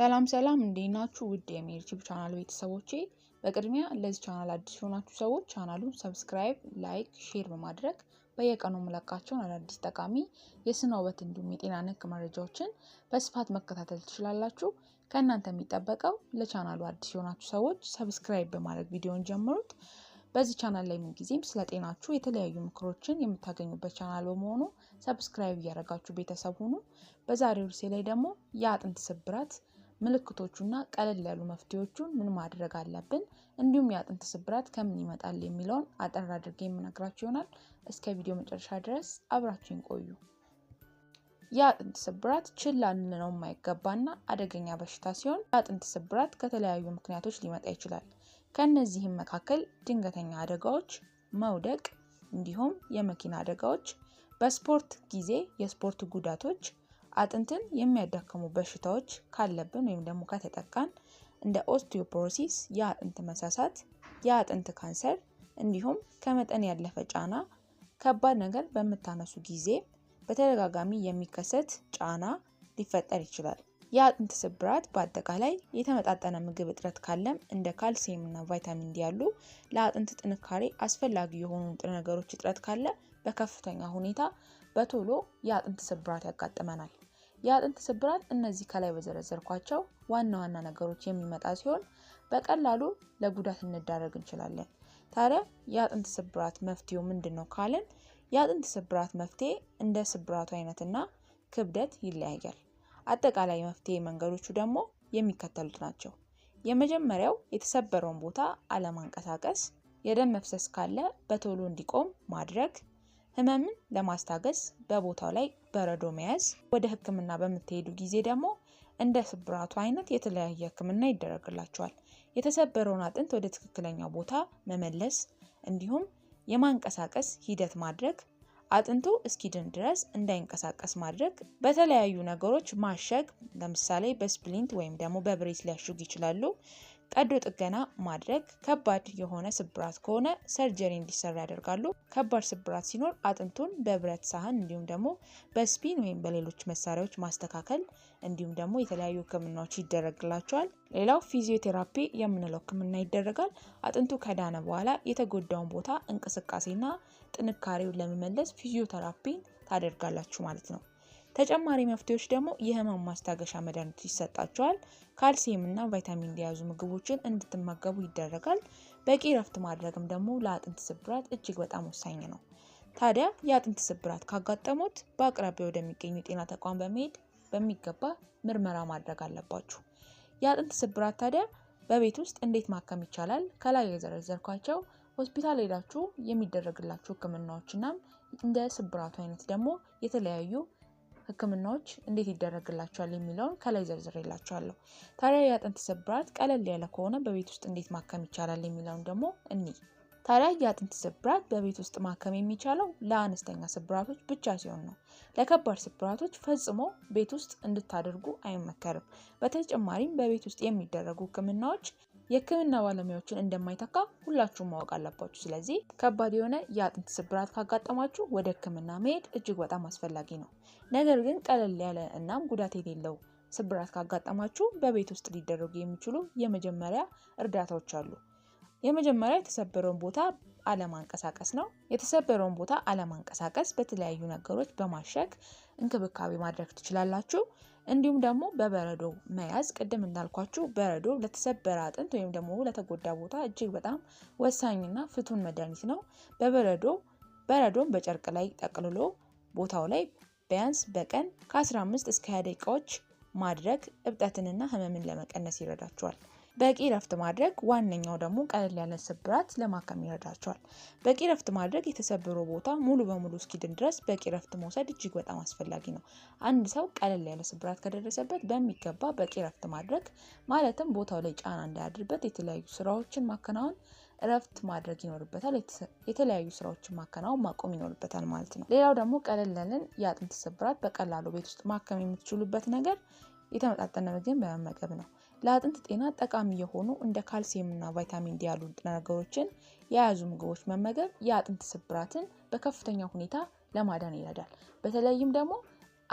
ሰላም ሰላም እንዴት ናችሁ? ውድ የሜርቲብ ቻናል ቤተሰቦቼ፣ በቅድሚያ ለዚህ ቻናል አዲስ የሆናችሁ ሰዎች ቻናሉን ሰብስክራይብ፣ ላይክ፣ ሼር በማድረግ በየቀኑ መለቃቸውን አዳዲስ ጠቃሚ የስነ ውበት እንዲሁም የጤና ነክ መረጃዎችን በስፋት መከታተል ትችላላችሁ። ከእናንተ የሚጠበቀው ለቻናሉ አዲስ የሆናችሁ ሰዎች ሰብስክራይብ በማድረግ ቪዲዮን ጀምሩት። በዚህ ቻናል ላይ ምንጊዜም ስለ ጤናችሁ የተለያዩ ምክሮችን የምታገኙበት ቻናል በመሆኑ ሰብስክራይብ እያደረጋችሁ ቤተሰብ ሁኑ። በዛሬው ርዕሴ ላይ ደግሞ የአጥንት ስብራት ምልክቶቹና ቀለል ያሉ መፍትሄዎቹን ምን ማድረግ አለብን፣ እንዲሁም የአጥንት ስብራት ከምን ይመጣል የሚለውን አጠር አድርጌ የምነግራችሁ ይሆናል። እስከ ቪዲዮ መጨረሻ ድረስ አብራችሁን ቆዩ። የአጥንት ስብራት ችላ ልንለው የማይገባና አደገኛ በሽታ ሲሆን የአጥንት ስብራት ከተለያዩ ምክንያቶች ሊመጣ ይችላል። ከእነዚህም መካከል ድንገተኛ አደጋዎች፣ መውደቅ እንዲሁም የመኪና አደጋዎች፣ በስፖርት ጊዜ የስፖርት ጉዳቶች አጥንትን የሚያዳክሙ በሽታዎች ካለብን ወይም ደግሞ ከተጠቃን እንደ ኦስቲዮፖሮሲስ፣ የአጥንት መሳሳት፣ የአጥንት ካንሰር እንዲሁም ከመጠን ያለፈ ጫና ከባድ ነገር በምታነሱ ጊዜ በተደጋጋሚ የሚከሰት ጫና ሊፈጠር ይችላል። የአጥንት ስብራት በአጠቃላይ የተመጣጠነ ምግብ እጥረት ካለም እንደ ካልሲየም እና ቫይታሚን ዲ ያሉ ለአጥንት ጥንካሬ አስፈላጊ የሆኑ ንጥረ ነገሮች እጥረት ካለ በከፍተኛ ሁኔታ በቶሎ የአጥንት ስብራት ያጋጥመናል። የአጥንት ስብራት እነዚህ ከላይ በዘረዘርኳቸው ዋና ዋና ነገሮች የሚመጣ ሲሆን በቀላሉ ለጉዳት እንዳረግ እንችላለን። ታዲያ የአጥንት ስብራት መፍትሄው ምንድን ነው ካልን የአጥንት ስብራት መፍትሄ እንደ ስብራቱ አይነትና ክብደት ይለያያል። አጠቃላይ መፍትሄ መንገዶቹ ደግሞ የሚከተሉት ናቸው። የመጀመሪያው የተሰበረውን ቦታ አለማንቀሳቀስ፣ የደም መፍሰስ ካለ በቶሎ እንዲቆም ማድረግ፣ ህመምን ለማስታገስ በቦታው ላይ በረዶ መያዝ፣ ወደ ህክምና በምትሄዱ ጊዜ ደግሞ እንደ ስብራቱ አይነት የተለያየ ህክምና ይደረግላቸዋል። የተሰበረውን አጥንት ወደ ትክክለኛው ቦታ መመለስ እንዲሁም የማንቀሳቀስ ሂደት ማድረግ፣ አጥንቱ እስኪድን ድረስ እንዳይንቀሳቀስ ማድረግ፣ በተለያዩ ነገሮች ማሸግ፣ ለምሳሌ በስፕሊንት ወይም ደግሞ በብሬስ ሊያሹግ ይችላሉ። ቀዶ ጥገና ማድረግ፣ ከባድ የሆነ ስብራት ከሆነ ሰርጀሪ እንዲሰራ ያደርጋሉ። ከባድ ስብራት ሲኖር አጥንቱን በብረት ሳህን እንዲሁም ደግሞ በስፒን ወይም በሌሎች መሳሪያዎች ማስተካከል እንዲሁም ደግሞ የተለያዩ ሕክምናዎች ይደረግላቸዋል። ሌላው ፊዚዮቴራፒ የምንለው ሕክምና ይደረጋል። አጥንቱ ከዳነ በኋላ የተጎዳውን ቦታ እንቅስቃሴና ጥንካሬውን ለመመለስ ፊዚዮተራፒ ታደርጋላችሁ ማለት ነው። ተጨማሪ መፍትሄዎች ደግሞ የህመም ማስታገሻ መድኃኒት ይሰጣቸዋል። ካልሲየምና ቫይታሚን የያዙ ምግቦችን እንድትመገቡ ይደረጋል። በቂ ረፍት ማድረግም ደግሞ ለአጥንት ስብራት እጅግ በጣም ወሳኝ ነው። ታዲያ የአጥንት ስብራት ካጋጠሙት በአቅራቢያ ወደሚገኙ የጤና ተቋም በመሄድ በሚገባ ምርመራ ማድረግ አለባችሁ። የአጥንት ስብራት ታዲያ በቤት ውስጥ እንዴት ማከም ይቻላል? ከላይ የዘረዘርኳቸው ሆስፒታል ሄዳችሁ የሚደረግላችሁ ህክምናዎች እናም እንደ ስብራቱ አይነት ደግሞ የተለያዩ ህክምናዎች እንዴት ይደረግላቸዋል የሚለውን ከላይ ዘርዝሬላቸዋለሁ። ታዲያ የአጥንት ስብራት ቀለል ያለ ከሆነ በቤት ውስጥ እንዴት ማከም ይቻላል የሚለውን ደግሞ እንይ። ታዲያ የአጥንት ስብራት በቤት ውስጥ ማከም የሚቻለው ለአነስተኛ ስብራቶች ብቻ ሲሆን ነው። ለከባድ ስብራቶች ፈጽሞ ቤት ውስጥ እንድታደርጉ አይመከርም። በተጨማሪም በቤት ውስጥ የሚደረጉ ህክምናዎች የህክምና ባለሙያዎችን እንደማይተካ ሁላችሁም ማወቅ አለባችሁ። ስለዚህ ከባድ የሆነ የአጥንት ስብራት ካጋጠማችሁ ወደ ህክምና መሄድ እጅግ በጣም አስፈላጊ ነው። ነገር ግን ቀለል ያለ እናም ጉዳት የሌለው ስብራት ካጋጠማችሁ በቤት ውስጥ ሊደረጉ የሚችሉ የመጀመሪያ እርዳታዎች አሉ። የመጀመሪያ የተሰበረውን ቦታ አለማንቀሳቀስ ነው። የተሰበረውን ቦታ አለማንቀሳቀስ በተለያዩ ነገሮች በማሸግ እንክብካቤ ማድረግ ትችላላችሁ። እንዲሁም ደግሞ በበረዶ መያዝ፣ ቅድም እንዳልኳችሁ በረዶ ለተሰበረ አጥንት ወይም ደግሞ ለተጎዳ ቦታ እጅግ በጣም ወሳኝና ፍቱን መድኃኒት ነው። በበረዶ በረዶን በጨርቅ ላይ ጠቅልሎ ቦታው ላይ ቢያንስ በቀን ከ15 እስከ 20 ደቂቃዎች ማድረግ እብጠትንና ህመምን ለመቀነስ ይረዳችኋል። በቂ ረፍት ማድረግ ዋነኛው ደግሞ ቀለል ያለ ስብራት ለማከም ይረዳቸዋል። በቂ ረፍት ማድረግ የተሰበረ ቦታ ሙሉ በሙሉ እስኪድን ድረስ በቂ ረፍት መውሰድ እጅግ በጣም አስፈላጊ ነው። አንድ ሰው ቀለል ያለ ስብራት ከደረሰበት በሚገባ በቂ ረፍት ማድረግ ማለትም ቦታው ላይ ጫና እንዳያድርበት የተለያዩ ስራዎችን ማከናወን እረፍት ማድረግ ይኖርበታል። የተለያዩ ስራዎችን ማከናወን ማቆም ይኖርበታል ማለት ነው። ሌላው ደግሞ ቀለል ያለን የአጥንት ስብራት በቀላሉ ቤት ውስጥ ማከም የምትችሉበት ነገር የተመጣጠነ ምግብን በመመገብ ነው። ለአጥንት ጤና ጠቃሚ የሆኑ እንደ ካልሲየም እና ቫይታሚን ዲ ያሉ ንጥረ ነገሮችን የያዙ ምግቦች መመገብ የአጥንት ስብራትን በከፍተኛ ሁኔታ ለማዳን ይረዳል። በተለይም ደግሞ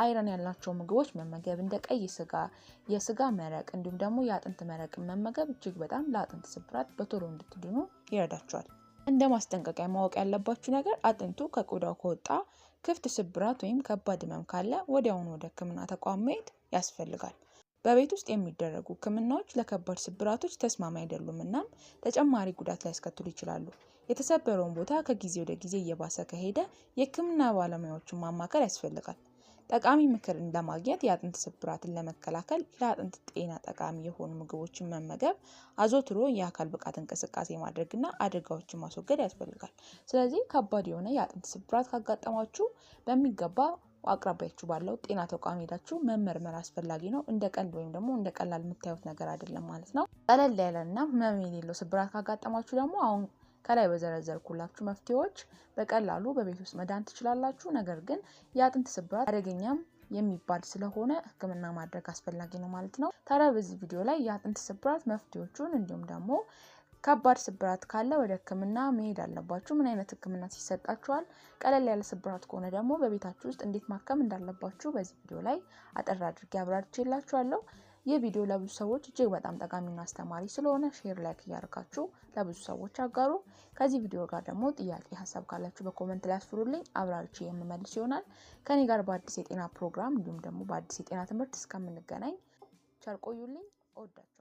አይረን ያላቸው ምግቦች መመገብ እንደ ቀይ ስጋ፣ የስጋ መረቅ እንዲሁም ደግሞ የአጥንት መረቅ መመገብ እጅግ በጣም ለአጥንት ስብራት በቶሎ እንድትድኑ ይረዳቸዋል። እንደ ማስጠንቀቂያ ማወቅ ያለባችሁ ነገር አጥንቱ ከቆዳው ከወጣ ክፍት ስብራት ወይም ከባድ ህመም ካለ ወዲያውኑ ወደ ሕክምና ተቋም መሄድ ያስፈልጋል። በቤት ውስጥ የሚደረጉ ህክምናዎች ለከባድ ስብራቶች ተስማሚ አይደሉም እናም ተጨማሪ ጉዳት ሊያስከትሉ ይችላሉ። የተሰበረውን ቦታ ከጊዜ ወደ ጊዜ እየባሰ ከሄደ የህክምና ባለሙያዎችን ማማከር ያስፈልጋል። ጠቃሚ ምክር ለማግኘት የአጥንት ስብራትን ለመከላከል ለአጥንት ጤና ጠቃሚ የሆኑ ምግቦችን መመገብ፣ አዘውትሮ የአካል ብቃት እንቅስቃሴ ማድረግ እና አደጋዎችን ማስወገድ ያስፈልጋል። ስለዚህ ከባድ የሆነ የአጥንት ስብራት ካጋጠማችሁ በሚገባ አቅራቢያችሁ ባለው ጤና ተቋም ሄዳችሁ መመርመር አስፈላጊ ነው። እንደ ቀልድ ወይም ደግሞ እንደ ቀላል የምታዩት ነገር አይደለም ማለት ነው። ቀለል ያለና ህመም የሌለው ስብራት ካጋጠማችሁ ደግሞ አሁን ከላይ በዘረዘርኩላችሁ መፍትሄዎች በቀላሉ በቤት ውስጥ መዳን ትችላላችሁ። ነገር ግን የአጥንት ስብራት አደገኛም የሚባል ስለሆነ ሕክምና ማድረግ አስፈላጊ ነው ማለት ነው። ታዲያ በዚህ ቪዲዮ ላይ የአጥንት ስብራት መፍትሄዎቹን እንዲሁም ደግሞ ከባድ ስብራት ካለ ወደ ህክምና መሄድ አለባችሁ። ምን አይነት ህክምና ሲሰጣችኋል? ቀለል ያለ ስብራት ከሆነ ደግሞ በቤታችሁ ውስጥ እንዴት ማከም እንዳለባችሁ በዚህ ቪዲዮ ላይ አጠር አድርጌ አብራርቼላችኋለሁ። ይህ ቪዲዮ ለብዙ ሰዎች እጅግ በጣም ጠቃሚና አስተማሪ ስለሆነ ሼር፣ ላይክ እያደርጋችሁ ለብዙ ሰዎች አጋሩ። ከዚህ ቪዲዮ ጋር ደግሞ ጥያቄ፣ ሀሳብ ካላችሁ በኮመንት ላይ አስፍሩልኝ፣ አብራርቼ የምመልስ ይሆናል። ከኔ ጋር በአዲስ የጤና ፕሮግራም እንዲሁም ደግሞ በአዲስ የጤና ትምህርት እስከምንገናኝ ቸር ቆዩልኝ። እወዳችኋለሁ።